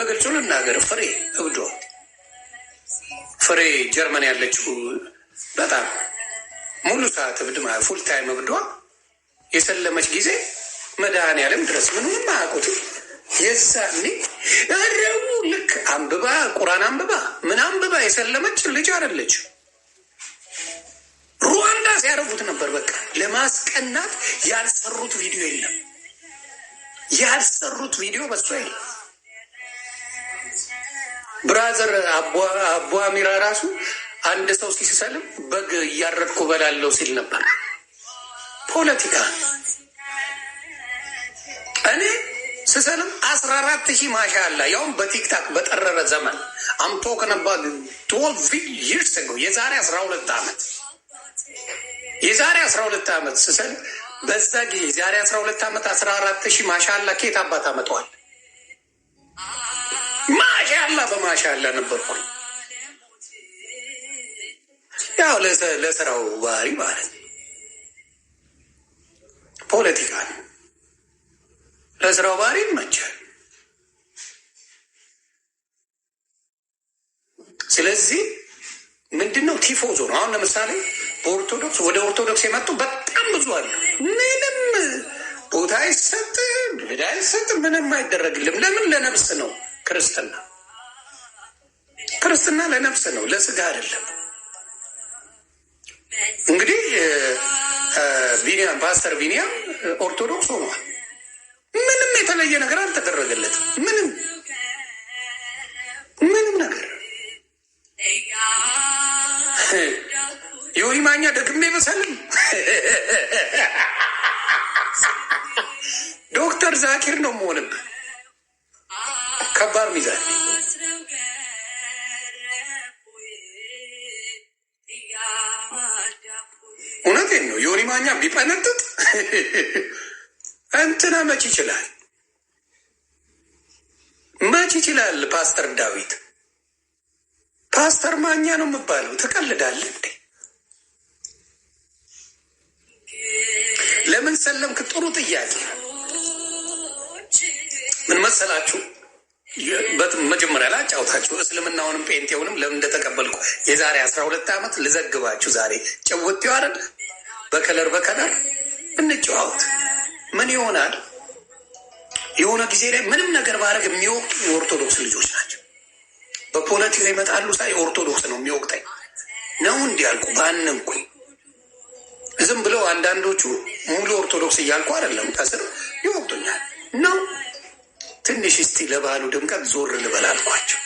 በግልጹ ልናገር ፍሬ እብዶ ፍሬ ጀርመን ያለችው በጣም ሙሉ ሰዓት እብድ ፉል ታይም እብዷ የሰለመች ጊዜ መድኃኔዓለም ድረስ ምንም አያውቁትም። የዛኔ እረቡ ልክ አንብባ ቁራን አንብባ ምን አንብባ የሰለመች ልጅ አደለች። ሩዋንዳ ሲያረጉት ነበር። በቃ ለማስቀናት ያልሰሩት ቪዲዮ የለም። ያልሰሩት ቪዲዮ በሷ የለም። ብራዘር አቡ አሚራ ራሱ አንድ ሰው ሲሰልም በግ እያረድኩ በላለው ሲል ነበር። ፖለቲካ እኔ ስሰልም አስራ አራት ሺህ ማሻ አላ ያውም በቲክታክ በጠረረ ዘመን አምቶ ከነባ ቶልቪ ይርስ የዛሬ አስራ ሁለት ዓመት የዛሬ አስራ ሁለት ዓመት ስሰል በዛ ጊዜ የዛሬ አስራ ሁለት ዓመት አስራ አራት ሺህ ማሻ አላ ኬት አባት አመጠዋል በማሻ በማሻላ ነበርኩ። ያው ለስራው ባህሪ ማለት ፖለቲካ ነው። ለስራው ባህሪ ይመቻል። ስለዚህ ምንድን ነው ቲፎዞ ነው። አሁን ለምሳሌ በኦርቶዶክስ ወደ ኦርቶዶክስ የመጡ በጣም ብዙ አለ። ምንም ቦታ አይሰጥ፣ ዕዳ አይሰጥ፣ ምንም አይደረግልም። ለምን? ለነብስ ነው ክርስትና ክርስትና ለነፍስ ነው፣ ለስጋ አይደለም። እንግዲህ ቢኒያም ፓስተር ቢኒያም ኦርቶዶክስ ሆኗል። ምንም የተለየ ነገር አልተደረገለትም። ምንም ምንም ነገር ዮኒ ማኛ ደግሜ መሰልም ዶክተር ዛኪር ነው መሆንም ከባድ ሚዛን እውነቴን ነው። ዮኒ ማኛ ቢጠነጥጥ እንትና መች ይችላል መች ይችላል። ፓስተር ዳዊት ፓስተር ማኛ ነው የምባለው። ትቀልዳለህ እንዴ? ለምን ሰለምክ? ጥሩ ጥያቄ። ምን መሰላችሁ መጀመሪያ ላይ አጫውታችሁ እስልምናውንም ጴንጤውንም ለምን እንደተቀበልኩ የዛሬ አስራ ሁለት ዓመት ልዘግባችሁ ዛሬ ጨወት አይደል በከለር በከለር እንጫወት። ምን ይሆናል? የሆነ ጊዜ ላይ ምንም ነገር ባደርግ የሚወቅጡ የኦርቶዶክስ ልጆች ናቸው። በፖለቲካ ይመጣሉ። ሳይ ኦርቶዶክስ ነው የሚወቅጠኝ ነው እንዲህ ያልኩ ባንንኩኝ ዝም ብለው አንዳንዶቹ ሙሉ ኦርቶዶክስ እያልኩ አይደለም፣ ከስር ይወቅጡኛል ነው ትንሽ እስቲ ለባህሉ ድምቀት ዞር ልበል አልኳቸው።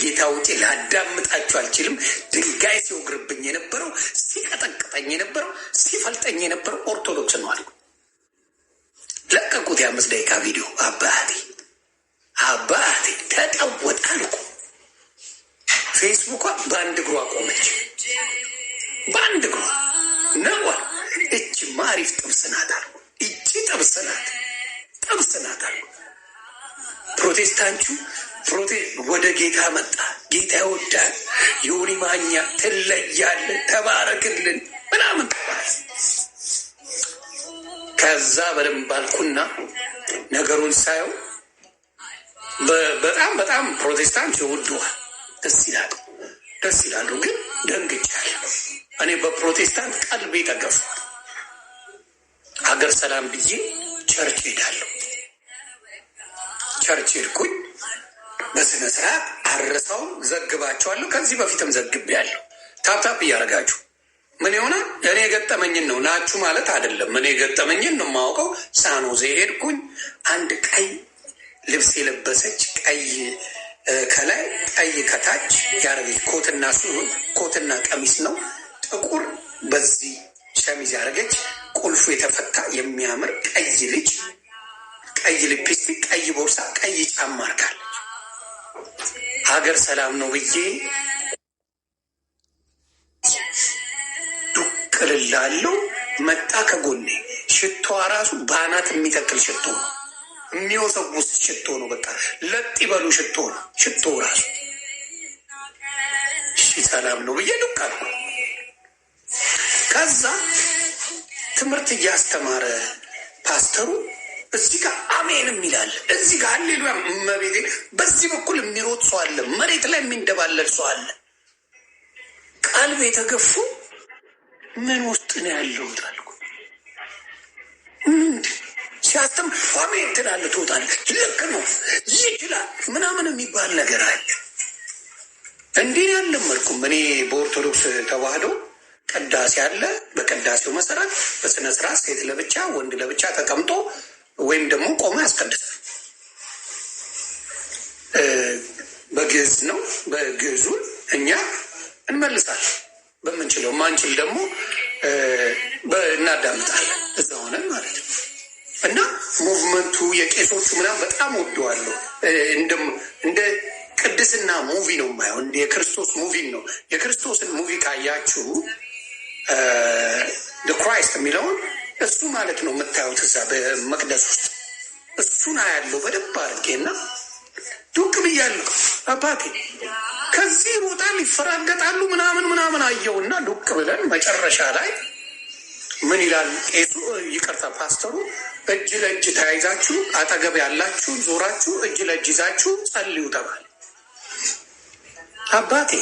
ከጌታ ውጭ ላዳምጣችሁ አልችልም። ድንጋይ ሲወግርብኝ የነበረው ሲቀጠቅጠኝ የነበረው ሲፈልጠኝ የነበረው ኦርቶዶክስ ነው አለ። ለቀቁት የአምስት ደቂቃ ቪዲዮ። አባቴ አባቴ ተጠወጣ አልኩ። ፌስቡኳ በአንድ እግሯ ቆመች። በአንድ እግሯ ነዋ። እች ማሪፍ ጥብስ ናት አሉ። እቺ ጥብስ ናት፣ ጥብስ ናት አሉ ፕሮቴስታንቱ ፍሮቴ ወደ ጌታ መጣ። ጌታ ይወዳል። ዮኒ ማኛ ትለያለ፣ ተባረክልን ምናምን። ከዛ በደንብ አልኩና ነገሩን ሳየው በጣም በጣም ፕሮቴስታንት ይወደዋል። ደስ ይላሉ፣ ደስ ይላሉ። ግን ደንግጫለሁ። እኔ በፕሮቴስታንት ቀልቤ ተገፏል። ሀገር ሰላም ብዬ ቸርች ሄዳለሁ። ቸርች ሄድኩኝ። በስነ ስርዓት አረሳውም ዘግባቸዋለሁ። ከዚህ በፊትም ዘግቤያለሁ። ታፕታፕ እያደረጋችሁ ምን የሆነ እኔ የገጠመኝን ነው ናችሁ ማለት አይደለም። እኔ የገጠመኝን ነው የማውቀው። ሳኖዜ ሄድኩኝ። አንድ ቀይ ልብስ የለበሰች ቀይ ከላይ ቀይ ከታች ያደረገች ኮትና ሲሆን ኮትና ቀሚስ ነው ጥቁር በዚህ ሸሚዝ ያደረገች ቁልፉ የተፈታ የሚያምር ቀይ ልጅ ቀይ ልፕስቲክ፣ ቀይ ቦርሳ፣ ቀይ ጫማ አርጋል ሀገር ሰላም ነው ብዬ ዱቅ ልላለሁ። መጣ ከጎኔ። ሽቶዋ ራሱ በአናት የሚተክል ሽቶ ነው፣ የሚወሰውስ ሽቶ ነው። በቃ ለጥ ይበሉ ሽቶ ነው። ሽቶ ራሱ ሰላም ነው ብዬ ዱቅ አልኩ። ከዛ ትምህርት እያስተማረ ፓስተሩ እዚህ ጋር አሜንም ይላል፣ እዚህ ጋር ሌሉያ መቤቴ። በዚህ በኩል የሚሮጥ ሰው አለ፣ መሬት ላይ የሚንደባለል ሰው አለ። ቀልብ የተገፉ ምን ውስጥ ነው ያለው ይላልኩ ሲያስተም አሜን ትላለ፣ ትወጣለህ። ልክ ነው ይችላል ምናምን የሚባል ነገር አለ። እንዲህ ያልለመድኩም እኔ በኦርቶዶክስ ተዋህዶ ቅዳሴ አለ። በቅዳሴው መሰረት በስነ ስርዓት ሴት ለብቻ ወንድ ለብቻ ተቀምጦ ወይም ደግሞ ቆመ ያስቀድሳል። በግዕዝ ነው። በግዕዙን እኛ እንመልሳል በምንችለው፣ ማንችል ደግሞ እናዳምጣለን እዛ ሆነን ማለት ነው። እና ሙቭመንቱ የቄሶቹ ምናምን በጣም ወደዋለሁ። እንደ ቅድስና ሙቪ ነው የማየው፣ የክርስቶስ ሙቪ ነው። የክርስቶስን ሙቪ ካያችሁ ክራይስት የሚለውን እሱ ማለት ነው የምታዩት እዛ በመቅደስ ውስጥ እሱን አያለሁ በደንብ አድርጌና ዱቅ ብያለሁ አባቴ። ከዚህ ይሮጣል ይፈራገጣሉ፣ ምናምን ምናምን አየውና ዱቅ ብለን መጨረሻ ላይ ምን ይላል ቄሱ፣ ይቅርታ ፓስተሩ፣ እጅ ለእጅ ተያይዛችሁ አጠገብ ያላችሁ ዞራችሁ እጅ ለእጅ ይዛችሁ ጸልዩ ተባለ። አባቴ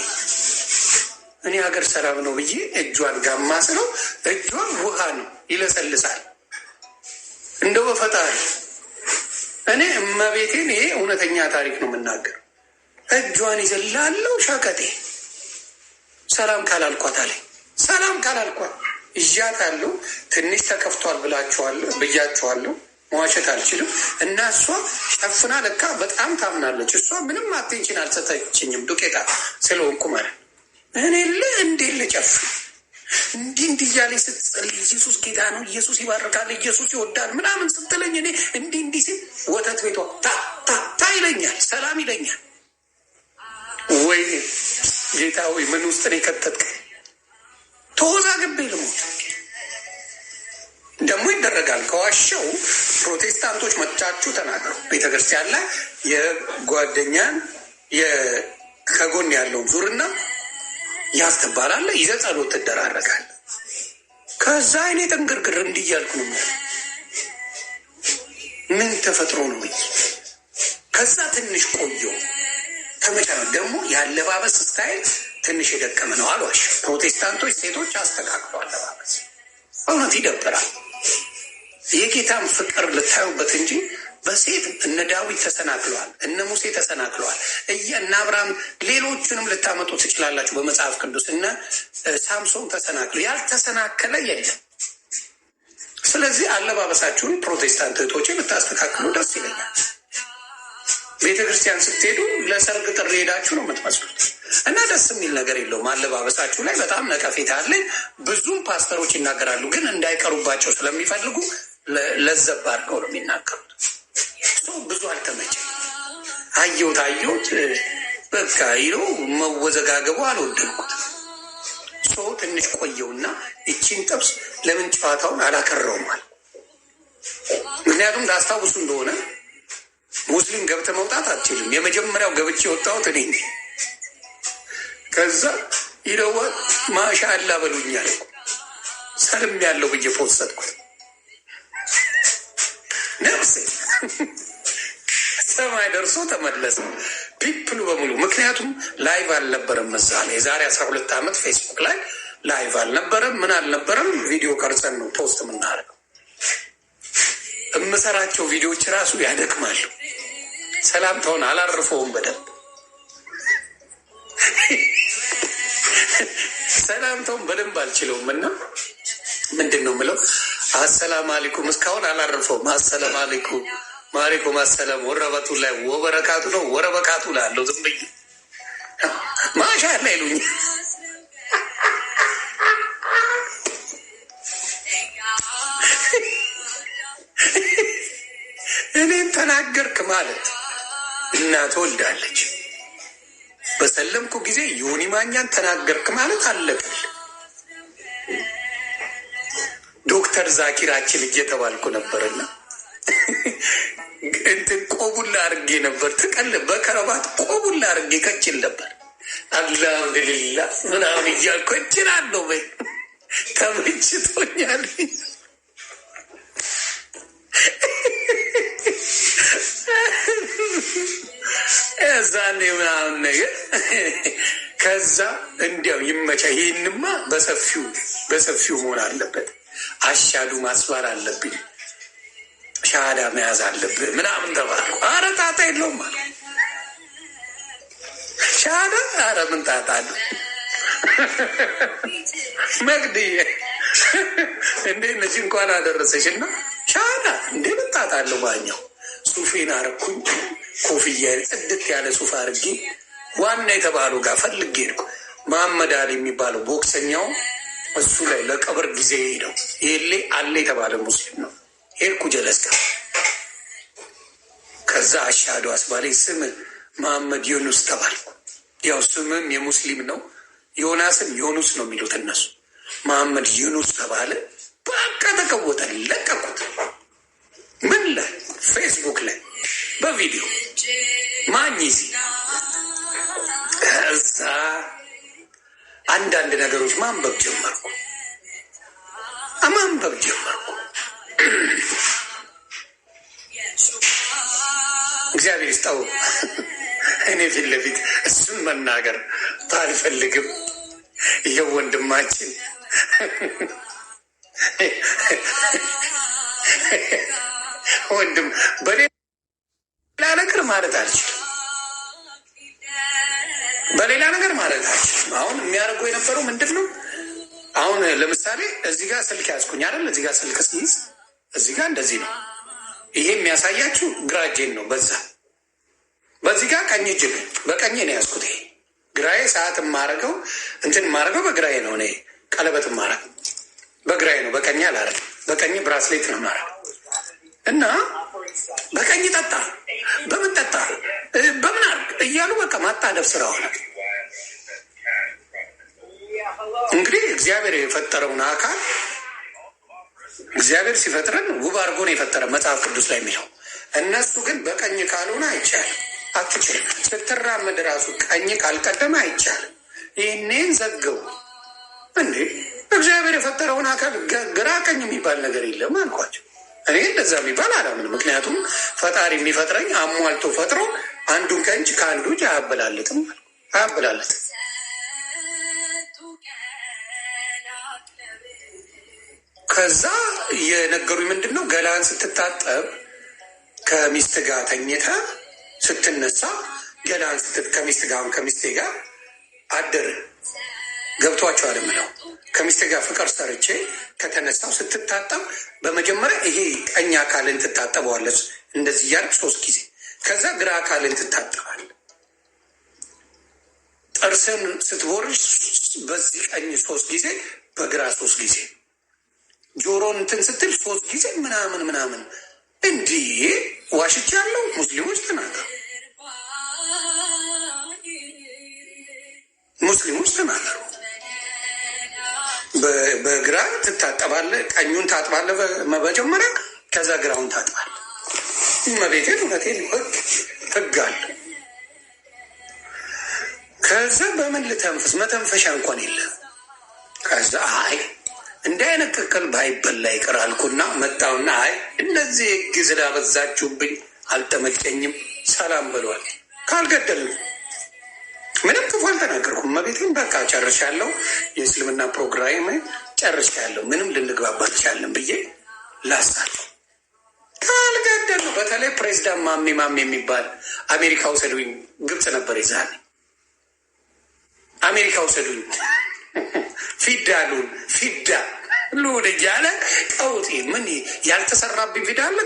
እኔ ሀገር ሰላም ነው ብዬ እጇን ጋማ ስለው እጇን ውሃ ነው ይለሰልሳል። እንደው በፈጣሪ እኔ እመቤቴን፣ ይሄ እውነተኛ ታሪክ ነው የምናገር። እጇን ይዘላለው ሻቀጤ ሰላም ካላልኳት አለኝ። ሰላም ካላልኳት እዣት አሉ ትንሽ ተከፍቷል ብላችኋለሁ ብያችኋለሁ። መዋሸት አልችልም። እና እሷ ሸፍና ለካ በጣም ታምናለች። እሷ ምንም አቴንሽን አልሰጠችኝም፣ ዱቄታ ስለሆንኩ ማለት እኔ ለ እንዴ ልጨፍን እንዲህ እንዲህ እያለኝ ስትጸልይ ኢየሱስ ጌታ ነው፣ ኢየሱስ ይባርካል፣ ኢየሱስ ይወዳል ምናምን ስትለኝ እኔ እንዲህ እንዲህ ሲል ወተት ቤቷ ታ ታ ታ ይለኛል፣ ሰላም ይለኛል። ወይ ጌታ ወይ ምን ውስጥ ነው የከተትከኝ? ግቤ ልሞት። ደግሞ ይደረጋል። ከዋሸው ፕሮቴስታንቶች መጥታችሁ ተናገሩ። ቤተክርስቲያን ላይ የጓደኛን ከጎን ያለውን ዙርና ያዝ ትባላለህ፣ ይዘህ ጸሎት ትደራረጋለህ። ከዛ አይኔ ጥንቅርቅር እንዲህ እያልኩ ነው ምን ተፈጥሮ ነው? ከዛ ትንሽ ቆየሁ። ከመቻ ደግሞ የአለባበስ ስታይል ትንሽ የደቀመ ነው አሏሽ። ፕሮቴስታንቶች ሴቶች አስተካክለው አለባበስ እውነት ይደብራል። የጌታን ፍቅር ልታዩበት እንጂ በሴት እነ ዳዊት ተሰናክለዋል፣ እነ ሙሴ ተሰናክለዋል፣ እነ አብርሃም ሌሎቹንም ልታመጡ ትችላላችሁ በመጽሐፍ ቅዱስ እነ ሳምሶን ተሰናክሉ። ያልተሰናከለ የለም። ስለዚህ አለባበሳችሁን ፕሮቴስታንት እህቶች ብታስተካክሉ ደስ ይለኛል። ቤተ ክርስቲያን ስትሄዱ ለሰርግ ጥሪ ሄዳችሁ ነው የምትመስሉት እና ደስ የሚል ነገር የለውም። አለባበሳችሁ ላይ በጣም ነቀፌታ አለኝ። ብዙም ፓስተሮች ይናገራሉ፣ ግን እንዳይቀሩባቸው ስለሚፈልጉ ለዘብ አድርገው ነው የሚናገሩት። እሱ ብዙ አልተመቸኝ። አየሁት አየሁት በቃ ይኸው መወዘጋገቡ አልወደድኩት። ሰው ትንሽ ቆየውና ይቺን ጥብስ ለምን ጨዋታውን አላከረውማል። ምክንያቱም ላስታውሱ እንደሆነ ሙስሊም ገብተ መውጣት አትችልም። የመጀመሪያው ገብቼ የወጣሁት እኔ ከዛ ይለወ ማሻ አላ በሉኛል ሰልም ያለው ብዬ ፎሰጥኩት። ደርሶ ተመለሰ። ፒፕሉ በሙሉ ምክንያቱም ላይቭ አልነበረም። እዛ ላይ የዛሬ አስራ ሁለት ዓመት ፌስቡክ ላይ ላይቭ አልነበረም። ምን አልነበረም። ቪዲዮ ቀርጸን ነው ፖስት የምናደርገው። የምሰራቸው ቪዲዮዎች ራሱ ያደክማሉ። ሰላምታውን አላርፈውም በደንብ ሰላምታውን በደንብ አልችለውም እና ምንድን ነው የምለው አሰላም አሊኩም እስካሁን አላርፈውም። አሰላም አሊኩም ማሪኩም አሰላም ወረበቱ ላይ ወበረካቱ ነው ወረበካቱ ላለው ዝም ብዬ ማሻላ ይሉኝ እኔም ተናገርክ ማለት እናት ወልዳለች። በሰለምኩ ጊዜ ዮኒ ማኛን ተናገርክ ማለት አለብል። ዶክተር ዛኪራችን እየተባልኩ ነበርና እንትን ቆቡላ አርጌ ነበር ትቀል በከረባት ቆቡላ አርጌ ከችል ነበር። አልሐምዱሊላ ምናምን እያልኩ እችላለሁ በይ ተመችቶኛል። እዛን ምናምን ነገር ከዛ እንዲያው ይመቻ። ይህንማ በሰፊው በሰፊው መሆን አለበት። አሻዱ ማስባል አለብኝ ሻዳ መያዝ አለብህ ምናምን ተባልኩ። አረ ጣጣ የለውም አለ ሻዳ። አረ ምን ጣጣ አለ መቅድዬ እንዴ ነች እንኳን አደረሰሽ እና ሻዳ እንዴ ምን ጣጣ አለው? ባኛው ሱፌን አረኩኝ። ኮፍያ ጽድት ያለ ሱፍ አድርጌ ዋና የተባሉ ጋር ፈልጌ ሄድኩ። መሐመድ አሊ የሚባለው ቦክሰኛው እሱ ላይ ለቀብር ጊዜ ሄደው ይሌ አለ የተባለ ሙስሊም ነው ሄድኩ ጀለስ ጋር። ከዛ አሻዶ አስባሪ ስም መሐመድ ዮኑስ ተባልኩ። ያው ስምም የሙስሊም ነው። ዮናስም ዮኑስ ነው የሚሉት እነሱ። መሐመድ ዮኑስ ተባለ። በቃ ተቀወጠ። ለቀቁት። ምን ላይ ፌስቡክ ላይ በቪዲዮ ማኝ ይዚ ከዛ አንዳንድ ነገሮች ማንበብ ጀመርኩ። ተው፣ እኔ ፊት ለፊት እሱን መናገር አልፈልግም። ይኸው ወንድማችን ወንድም በሌላ ነገር ማለት አልችል በሌላ ነገር ማለት አልችልም። አሁን የሚያደርጉ የነበረው ምንድን ነው? አሁን ለምሳሌ እዚህ ጋር ስልክ ያዝኩኝ አይደል? እዚህ ጋር ስልክ ስይዝ እዚህ ጋር እንደዚህ ነው። ይሄ የሚያሳያችሁ ግራጄን ነው በዛ በዚህ ጋር ቀኝ እጅ በቀኝ ነው ያዝኩት። ግራዬ ሰዓት የማረገው እንትን ማረገው በግራዬ ነው። እኔ ቀለበት ማረግ በግራዬ ነው፣ በቀኝ አላረግ። በቀኝ ብራስሌት ነው ማረግ እና በቀኝ ጠጣ፣ በምን ጠጣ፣ በምን አርግ እያሉ በቃ ማጣደብ ስራ ሆነ። እንግዲህ እግዚአብሔር የፈጠረውን አካል እግዚአብሔር ሲፈጥረን ውብ አድርጎ ነው የፈጠረ መጽሐፍ ቅዱስ ላይ የሚለው እነሱ ግን በቀኝ ካልሆነ አይቻልም። አትችል ስትራመድ ራሱ ቀኝ ካልቀደመ አይቻልም። ይህኔን ዘግቡ እንዴ! እግዚአብሔር የፈጠረውን አካል ግራ ቀኝ የሚባል ነገር የለም አልኳቸው። እኔ እንደዛ የሚባል አላምን። ምክንያቱም ፈጣሪ የሚፈጥረኝ አሟልቶ ፈጥሮ አንዱን ከእጅ ከአንዱ እጅ አያበላለትም አያበላለትም። ከዛ የነገሩኝ ምንድን ነው ገላን ስትታጠብ ከሚስት ጋር ተኝታ ስትነሳ ገላን ስትል ከሚስት ጋር ከሚስቴ ጋር አድር አለም ነው ከሚስቴ ጋር ፍቅር ሰርቼ ከተነሳው ስትታጠብ በመጀመሪያ ይሄ ቀኝ አካልን ትታጠበዋለች እንደዚህ እያልክ ሶስት ጊዜ ከዛ ግራ አካልን ትታጠባል። ጥርስን ስትቦርሽ በዚህ ቀኝ ሶስት ጊዜ በግራ ሶስት ጊዜ ጆሮን እንትን ስትል ሶስት ጊዜ ምናምን ምናምን እንዲህ ዋሽቻ ያለው ሙስሊሞች ተናገሩ፣ ሙስሊሞች ተናገሩ። በግራ ትታጠባለህ፣ ቀኙን ታጥባለህ መጀመሪያ፣ ከዛ ግራውን ታጥባለህ። መቤቴን እውነቴን ህግ ህግ አለ። ከዛ በምን ልተንፍስ? መተንፈሻ እንኳን የለም። ከዛ አይ እንደ አይነት ቅቅል ባይበላ ይቅር አልኩና መጣውና፣ አይ እነዚህ ህግ ስላበዛችሁብኝ አልተመቸኝም ሰላም ብሏል። ካልገደል ምንም ክፉ አልተናገርኩም። መቤቴን በቃ ጨርሻለሁ፣ የእስልምና ፕሮግራም ጨርሻለሁ፣ ምንም ልንግባባ አልቻልንም ብዬ ላስታለሁ። ካልገደሉ በተለይ ፕሬዚዳንት ማሚ ማሚ የሚባል አሜሪካ ውሰዱኝ፣ ግብፅ ነበር የዛኔ አሜሪካ ውሰዱኝ ፊዳ ልሁን ፊዳ ልሁን እያለ ቀውጢ ምን ያልተሰራብኝ ፊዳ አለ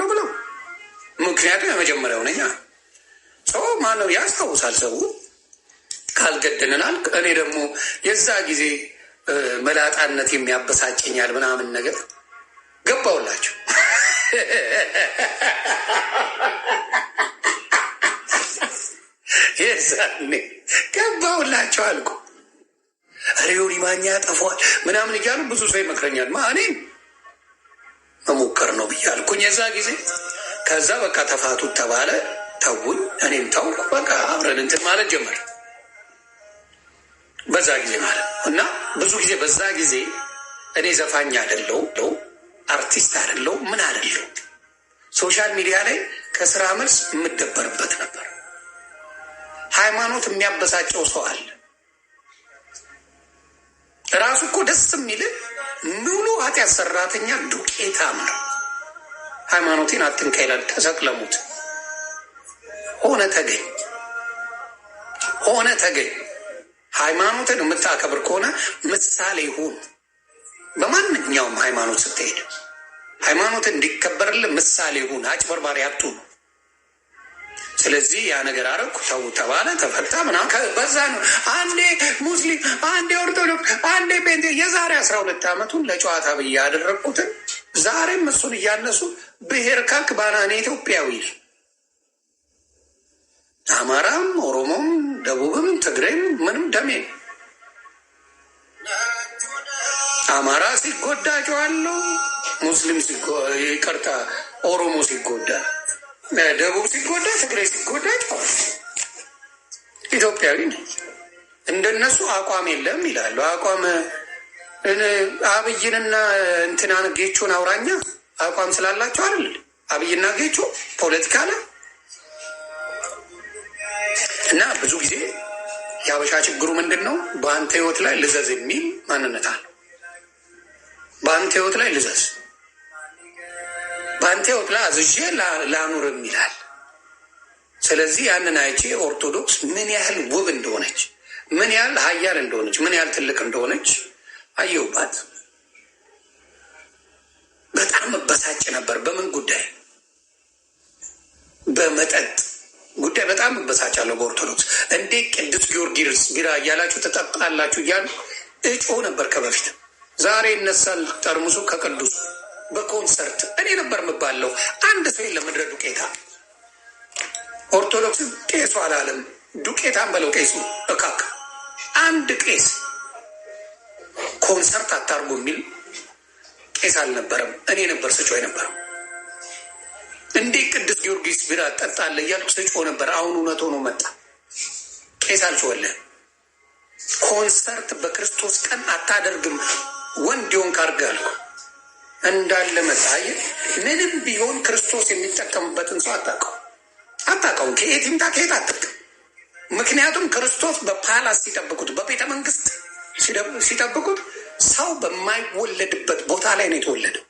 ነው ብለው ምክንያቱም የመጀመሪያው ነኛ ሰው ማነው ያስታውሳል። ሰው ካልገደልናል። እኔ ደግሞ የዛ ጊዜ መላጣነት የሚያበሳጨኛል ምናምን ነገር ገባውላቸው የዛኔ ገባውላቸው አልኩ። ሪዮሪ ማኛ ያጠፏል ምናምን እያሉ ብዙ ሰው ይመክረኛል። ማ እኔም መሞከር ነው ብዬ አልኩኝ የዛ ጊዜ። ከዛ በቃ ተፋቱት ተባለ። ተውኝ እኔም ታውቅ በቃ አብረን እንትን ማለት ጀመር በዛ ጊዜ ማለት እና ብዙ ጊዜ በዛ ጊዜ እኔ ዘፋኝ አደለው አርቲስት አደለው ምን አደለው ሶሻል ሚዲያ ላይ ከስራ መልስ የምደበርበት ነበር። ሃይማኖት የሚያበሳጨው ሰው አለ። ራሱ እኮ ደስ የሚል ሙሉ ኃጢአት ሰራተኛ ዱቄታም ነው። ሃይማኖቴን አትንካ ይላል። ተሰቅለሙት ሆነ ተገኝ ሆነ ተገኝ። ሃይማኖትን የምታከብር ከሆነ ምሳሌ ሁን። በማንኛውም ሃይማኖት ስትሄድ ሃይማኖትን እንዲከበርልን ምሳሌ ሁን። አጭበርባሪ ነው። ስለዚህ ያ ነገር አረኩ ተው ተባለ ተፈታ ምናምን። በዛ ነው አንዴ ሙስሊም፣ አንዴ ኦርቶዶክስ፣ አንዴ ጴንቴ የዛሬ አስራ ሁለት ዓመቱን ለጨዋታ ብዬ ያደረግኩትን ዛሬም እሱን እያነሱ ብሔር ካክ ባናኔ ኢትዮጵያዊ አማራም፣ ኦሮሞም፣ ደቡብም፣ ትግሬም ምንም ደሜ አማራ ሲጎዳ ጨዋለሁ፣ ሙስሊም ይቅርታ፣ ኦሮሞ ሲጎዳ ደቡብ ሲጎዳ፣ ትግራይ ሲጎዳ ይጫዋል። ኢትዮጵያዊ ነው። እንደነሱ አቋም የለም ይላሉ። አቋም አብይንና እንትናን ጌቾን አውራኛ አቋም ስላላቸው አይደል? አብይና ጌቾ ፖለቲካ ላይ እና ብዙ ጊዜ የአበሻ ችግሩ ምንድን ነው? በአንተ ህይወት ላይ ልዘዝ የሚል ማንነት አለ። በአንተ ህይወት ላይ ልዘዝ ፓንቴዎፕላ አዝዤ ላኑር ይላል። ስለዚህ ያንን አይቼ ኦርቶዶክስ ምን ያህል ውብ እንደሆነች፣ ምን ያህል ሀያል እንደሆነች፣ ምን ያህል ትልቅ እንደሆነች አየሁባት። በጣም መበሳጭ ነበር። በምን ጉዳይ? በመጠጥ ጉዳይ በጣም እበሳጫለሁ። በኦርቶዶክስ እንዴት ቅዱስ ጊዮርጊስ ቢራ እያላችሁ ትጠጣላችሁ እያሉ እጮ ነበር ከበፊት። ዛሬ ይነሳል ጠርሙሱ ከቅዱሱ በኮንሰርት እኔ ነበር የምባለው። አንድ ሰው የለም ዱቄታ። ኦርቶዶክስ ቄሱ አላለም ዱቄታን በለው ቄሱ እካክ አንድ ቄስ ኮንሰርት አታርጉ የሚል ቄስ አልነበረም። እኔ ነበር ስጮ ነበረው። እንዴ ቅዱስ ጊዮርጊስ ቢራ ጠጣለ እያልኩ ስጮ ነበር። አሁን እውነት ሆኖ መጣ። ቄስ አልችወለ ኮንሰርት በክርስቶስ ቀን አታደርግም ወንድ ዮን ካርግ አልኩ። እንዳለ መሳይ ምንም ቢሆን ክርስቶስ የሚጠቀምበትን ሰው አታውቀው አታውቀውም። ከየት ይምጣ ከየት አታውቅም። ምክንያቱም ክርስቶስ በፓላስ ሲጠብቁት፣ በቤተ መንግስት ሲጠብቁት ሰው በማይወለድበት ቦታ ላይ ነው የተወለደው።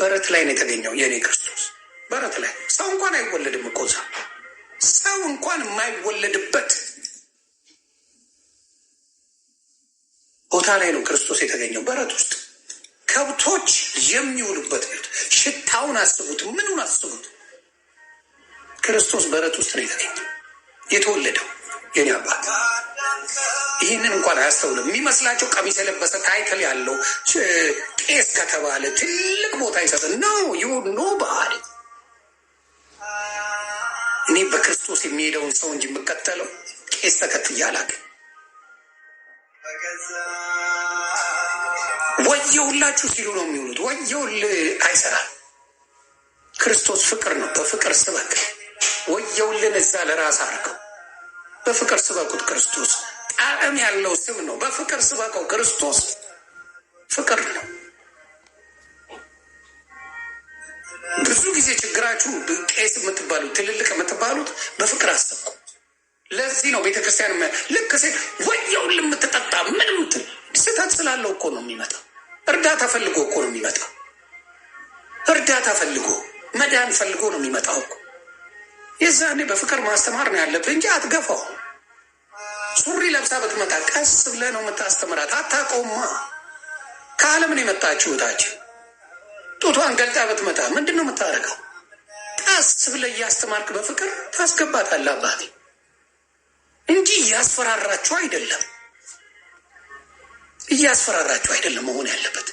በረት ላይ ነው የተገኘው የእኔ ክርስቶስ በረት ላይ ሰው እንኳን አይወለድም እኮ እዛ ሰው እንኳን የማይወለድበት ቦታ ላይ ነው ክርስቶስ የተገኘው በረት ውስጥ ከብቶች የሚውሉበት ቤት ሽታውን አስቡት፣ ምኑን አስቡት። ክርስቶስ በረት ውስጥ ነው የተወለደው። የኔ አባት ይህንን እንኳን አያስተውልም። የሚመስላቸው ቀሚስ የለበሰ ታይትል ያለው ቄስ ከተባለ ትልቅ ቦታ ይሰጥ ነው። ዩ ኖ በአል እኔ በክርስቶስ የሚሄደውን ሰው እንጂ የምከተለው ቄስ ተከትያ አላውቅም። ወየውላችሁ ሲሉ ነው የሚውሉት። ወየውል አይሰራም። ክርስቶስ ፍቅር ነው። በፍቅር ስበክ። ወየውልን እዛ ለራስ አድርገው። በፍቅር ስበኩት። ክርስቶስ ጣዕም ያለው ስም ነው። በፍቅር ስበከው። ክርስቶስ ፍቅር ነው። ብዙ ጊዜ ችግራችሁ ቄስ የምትባሉት ትልልቅ የምትባሉት በፍቅር አሰብኩ። ለዚህ ነው ቤተክርስቲያን ልክ ሴ ወየውል የምትጠጣ ምንም ስህተት ስላለው እኮ ነው የሚመጣው። እርዳታ ፈልጎ እኮ ነው የሚመጣው። እርዳታ ፈልጎ መዳን ፈልጎ ነው የሚመጣው እኮ። የዛኔ በፍቅር ማስተማር ነው ያለብህ እንጂ አትገፋው። ሱሪ ለብሳ ብትመጣ ቀስ ብለህ ነው የምታስተምራት። አታውቀውማ። ከዓለም ነው የመጣችው። ጡቷን ገልጣ ብትመጣ ምንድን ነው የምታደርገው? ቀስ ብለህ እያስተማርክ በፍቅር ታስገባታለህ አባቴ እንጂ እያስፈራራችሁ አይደለም። እያስፈራራችሁ አይደለም መሆን ያለበት።